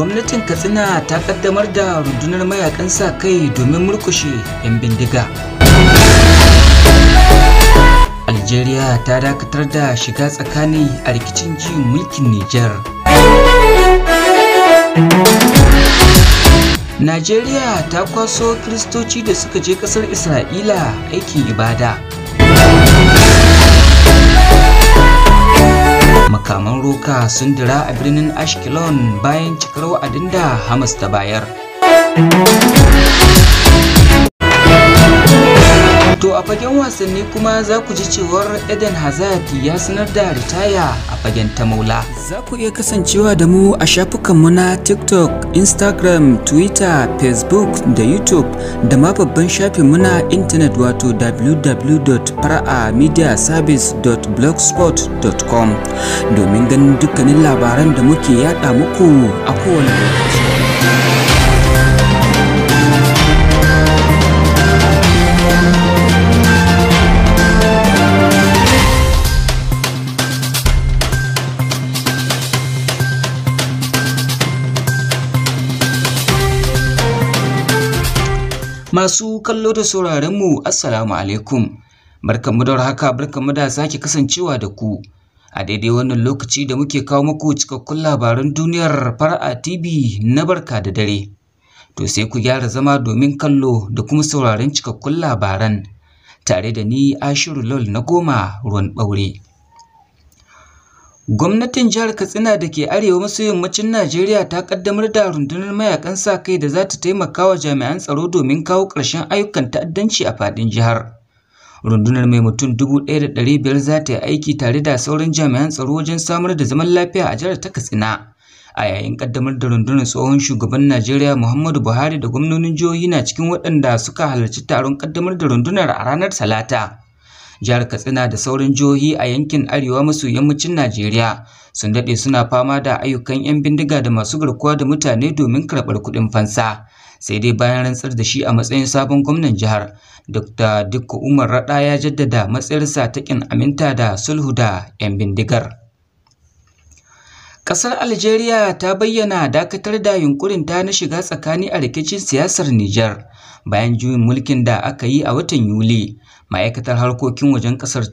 gwamnatin katsina ta kaddamar da rundunar mayakan sa kai domin murkushe 'yan bindiga algeria ta dakatar da shiga tsakani a rikicin ji mulkin niger Najeriya ta kwaso kiristoci da suka je kasar Isra'ila aikin ibada. makaman roka sun dira a birnin ashkelon bayan cikar wa'adin da hamas ta bayar To a fagen wasanni kuma za ku ji cewar Eden Hazard ya sanar da ritaya a fagen ta maula. Za ku iya kasancewa da mu a shafukanmu na TikTok, Instagram, Twitter, Facebook da YouTube da ma babban shafinmu na intanet wato www.fara'amediaservice.blogspot.com domin ganin dukkanin labaran da muke yada muku a kowane lokaci. Masu kallo da sauraron mu Assalamu alaikum. Barkanmu da haka barkanmu da sake kasancewa da ku a daidai wannan lokaci da muke kawo muku cikakkun labaran duniyar Far'a TV na barka da dare. To sai ku gyara zama domin kallo da kuma sauraron cikakkun labaran tare da ni Ashiru Lol na goma ruwan ɓaure. Gwamnatin Jihar Katsina da ke arewa maso yammacin Najeriya ta kaddamar da rundunar mayaƙan sa-kai da za ta taimaka wa jami'an tsaro domin kawo ƙarshen ayyukan ta'addanci a faɗin jihar. Rundunar mai mutum dubu 1,500 za ta yi aiki tare da sauran jami'an tsaro wajen samar da zaman lafiya a jihar ta Katsina. A yayin kaddamar da rundunar tsohon shugaban Najeriya Muhammadu Buhari da gwamnonin jihohi na cikin waɗanda suka halarci taron kaddamar da rundunar a ranar Talata. jihar katsina da sauran jihohi a yankin arewa maso yammacin najeriya sun daɗe suna fama da ayyukan 'yan bindiga da masu garkuwa da mutane domin karɓar kuɗin fansa sai dai bayan rantsar da shi a matsayin sabon gwamnan jihar dr dikko umar raɗa ya jaddada matsayarsa ta kin aminta da sulhu da 'yan bindigar Ƙasar Algeria ta bayyana dakatar da yunkurin na shiga tsakani a rikicin siyasar Nijar bayan juyin mulkin da aka yi a watan Yuli ma'aikatar harkokin wajen ƙasar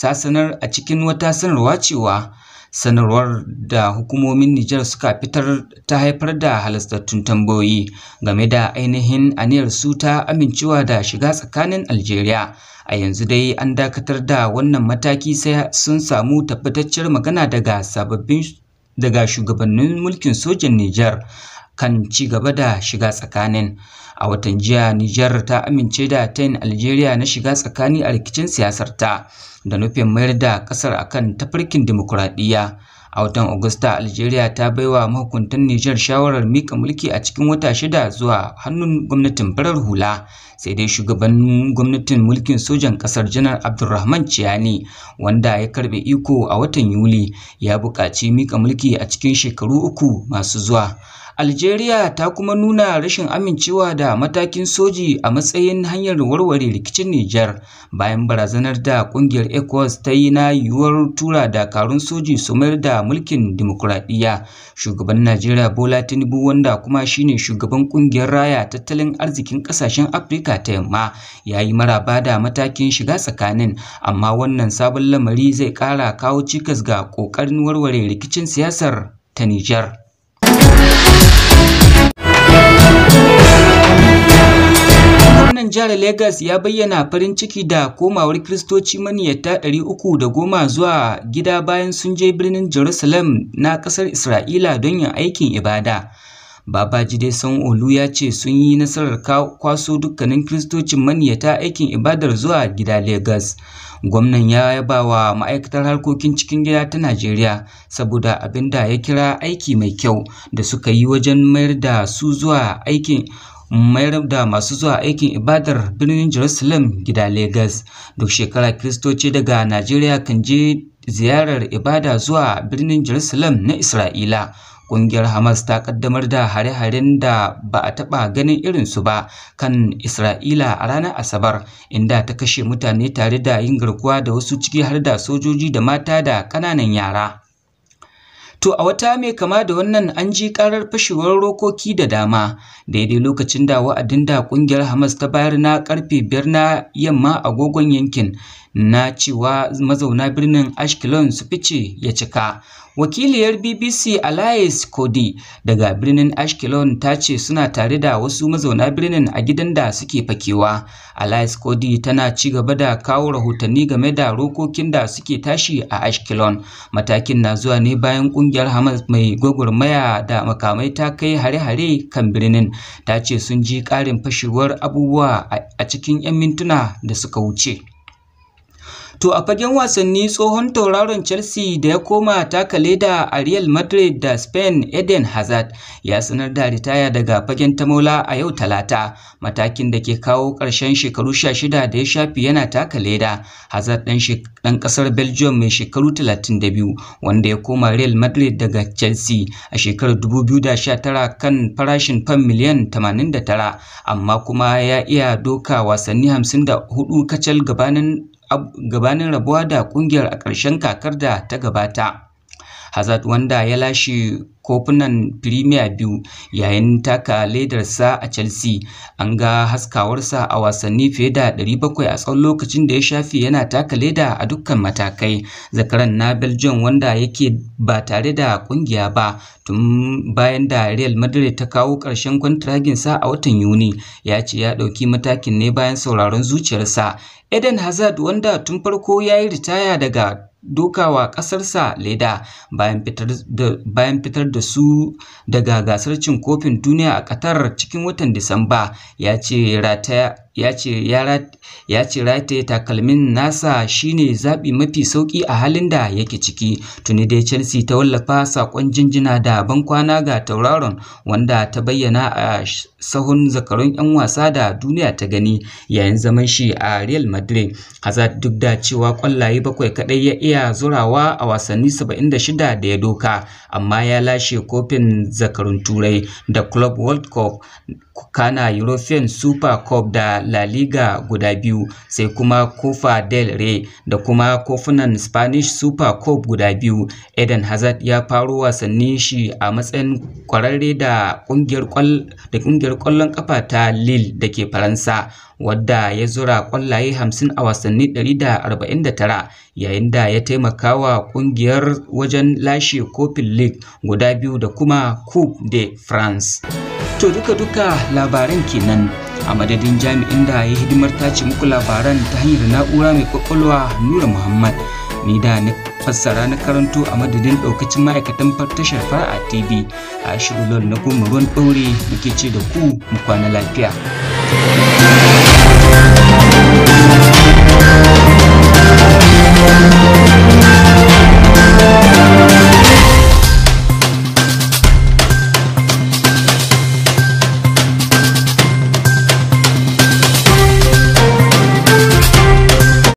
ta sanar a cikin wata sanarwa cewa sanarwar da hukumomin Nijar suka fitar ta haifar da halastattun tambayoyi game da ainihin aniyar su ta amincewa da shiga tsakanin Algeria. A yanzu dai an dakatar da wannan mataki sai sun samu tabbatacciyar magana daga sababbin daga shugabannin mulkin sojan Nijar kan ci gaba da shiga tsakanin. a watan jiya Nijar ta amince da tayin Algeria na shiga tsakani a rikicin siyasar ta da nufin mayar da kasar akan tafarkin dimokuraɗiyya a watan Agusta Algeria ta baiwa mahukuntan Nijar shawarar mika mulki a cikin wata shida zuwa hannun gwamnatin farar hula sai dai shugaban gwamnatin mulkin sojan kasar janar Abdurrahman ciyani wanda ya karbe iko a watan Yuli ya buƙaci mika mulki a cikin shekaru uku masu zuwa Algeria ta kuma nuna rashin amincewa da matakin soji a matsayin hanyar warware rikicin Nijar bayan barazanar da ƙungiyar ECOWAS ta yi na yiwuwar tura dakarun soji su mayar da mulkin dimokuraɗiyya. Shugaban Najeriya Bola Tinubu wanda kuma shine shugaban ƙungiyar raya tattalin arzikin ƙasashen Afirka ta yamma ya yi maraba da matakin shiga tsakanin amma wannan sabon lamari zai ƙara kawo cikas ga ƙoƙarin warware rikicin siyasar ta Nijar. Gwamnan Jihar Legas ya bayyana farin ciki da komawar Kiristoci maniyyata goma zuwa gida bayan sun je birnin Jerusalem na ƙasar Isra'ila don yin aikin ibada. Babajide san olu ya ce sun yi nasarar kwaso dukkanin Kiristocin maniyata aikin ibadar zuwa gida Legas. Gwamnan ya yaba wa ma'aikatar harkokin cikin gida ta Najeriya saboda abin da ya kira aiki mai kyau da suka yi wajen mayar da su zuwa aikin mayar da masu zuwa aikin ibadar birnin Jerusalem gida Legas. Duk shekara Kiristoci daga Najeriya kan je ziyarar ibada zuwa birnin Jerusalem na Isra'ila. Ƙungiyar Hamas ta ƙaddamar da hare-haren da ba a taɓa ganin irinsu ba kan Isra'ila a ranar Asabar, inda ta kashe mutane tare da yin garkuwa da wasu ciki har da sojoji da mata da ƙananan yara. To a wata mai kama da wannan an ji ƙarar fashewar rokoki da dama daidai lokacin da wa'adin da ƙungiyar Hamas ta bayar na ƙarfe biyar na yamma agogon yankin na cewa mazauna birnin Ashkelon su fice ya cika. Wakiliyar BBC Alice Cody daga birnin Ashkelon ta ce suna tare da wasu mazauna birnin a gidan da suke fakewa. Alice Cody tana ci gaba da kawo rahotanni game da rokokin da suke tashi a Ashkelon. Matakin na zuwa ne bayan kungiyar Hamas mai gwagwarmaya da makamai ta kai hare-hare kan birnin. Ta ce sun ji ƙarin fashewar abubuwa a cikin 'yan mintuna da suka wuce. To a fagen wasanni tsohon tauraron Chelsea da ya koma taka leda a Real Madrid da Spain Eden Hazard ya sanar da ritaya daga fagen ta tamola a yau talata matakin da ke kawo ƙarshen shekaru sha shida da ya shafi yana taka leda. Hazard ɗan ƙasar Belgium mai shekaru 32 wanda ya koma Real Madrid daga Chelsea a shekarar 2019 kan farashin fam miliyan 89 amma kuma ya iya doka wasanni 54 kacal gabanin gabanin rabuwa da ƙungiyar a ƙarshen kakar da ta gabata. Hazard wanda ya lashe kofunan Premier biyu yayin taka ledarsa a Chelsea an ga haskawarsa a wasanni fiye da 700 a tsawon lokacin da ya shafi yana taka leda a dukkan matakai zakaran na Belgium wanda yake ba tare da kungiya ba tun bayan da Real Madrid ta kawo ƙarshen sa a watan Yuni ya ce ya ɗauki matakin ne bayan sauraron zuciyarsa Eden Hazard wanda tun farko ya yi ritaya daga dokawa ƙasarsa leda bayan fitar da su daga gasar cin kofin duniya a Qatar cikin watan Disamba ya ce rataya ya ce rataye takalmin nasa shine zaɓi mafi sauƙi a halin da yake ciki tuni dai chelsea ta wallafa saƙon jinjina da bankwana ga tauraron wanda ta bayyana a sahun zakarun 'yan wasa da duniya ta gani yayin zaman shi a real madrid hazard duk da cewa ƙwallaye bakwai kaɗai ya iya zurawa a wasanni 76 da ya doka amma ya lashe kofin zakarun turai da club world cup kana European Super Cup da La Liga guda biyu sai kuma Copa del Rey da kuma kofunan Spanish Super Cup guda biyu. Eden Hazard ya faro wasanni shi a matsayin kwararre da kungiyar kwallon kafa ta Lille da ke Faransa wadda ya zura kwallaye 50 a wasanni 149 yayin da ya taimaka wa kungiyar wajen lashe kofin league guda biyu da kuma Coupe de France. to duka-duka labaran kenan a madadin jami'in da ya hidimar tace muku labaran ta hanyar na'ura mai kwakwalwa nura muhammad ni da na fassara na karanto a madadin ɗaukacin ma'aikatan tashar fara'a tv a shirin na goma ruwan ɗaure da ke ce da ku mu kwana lafiya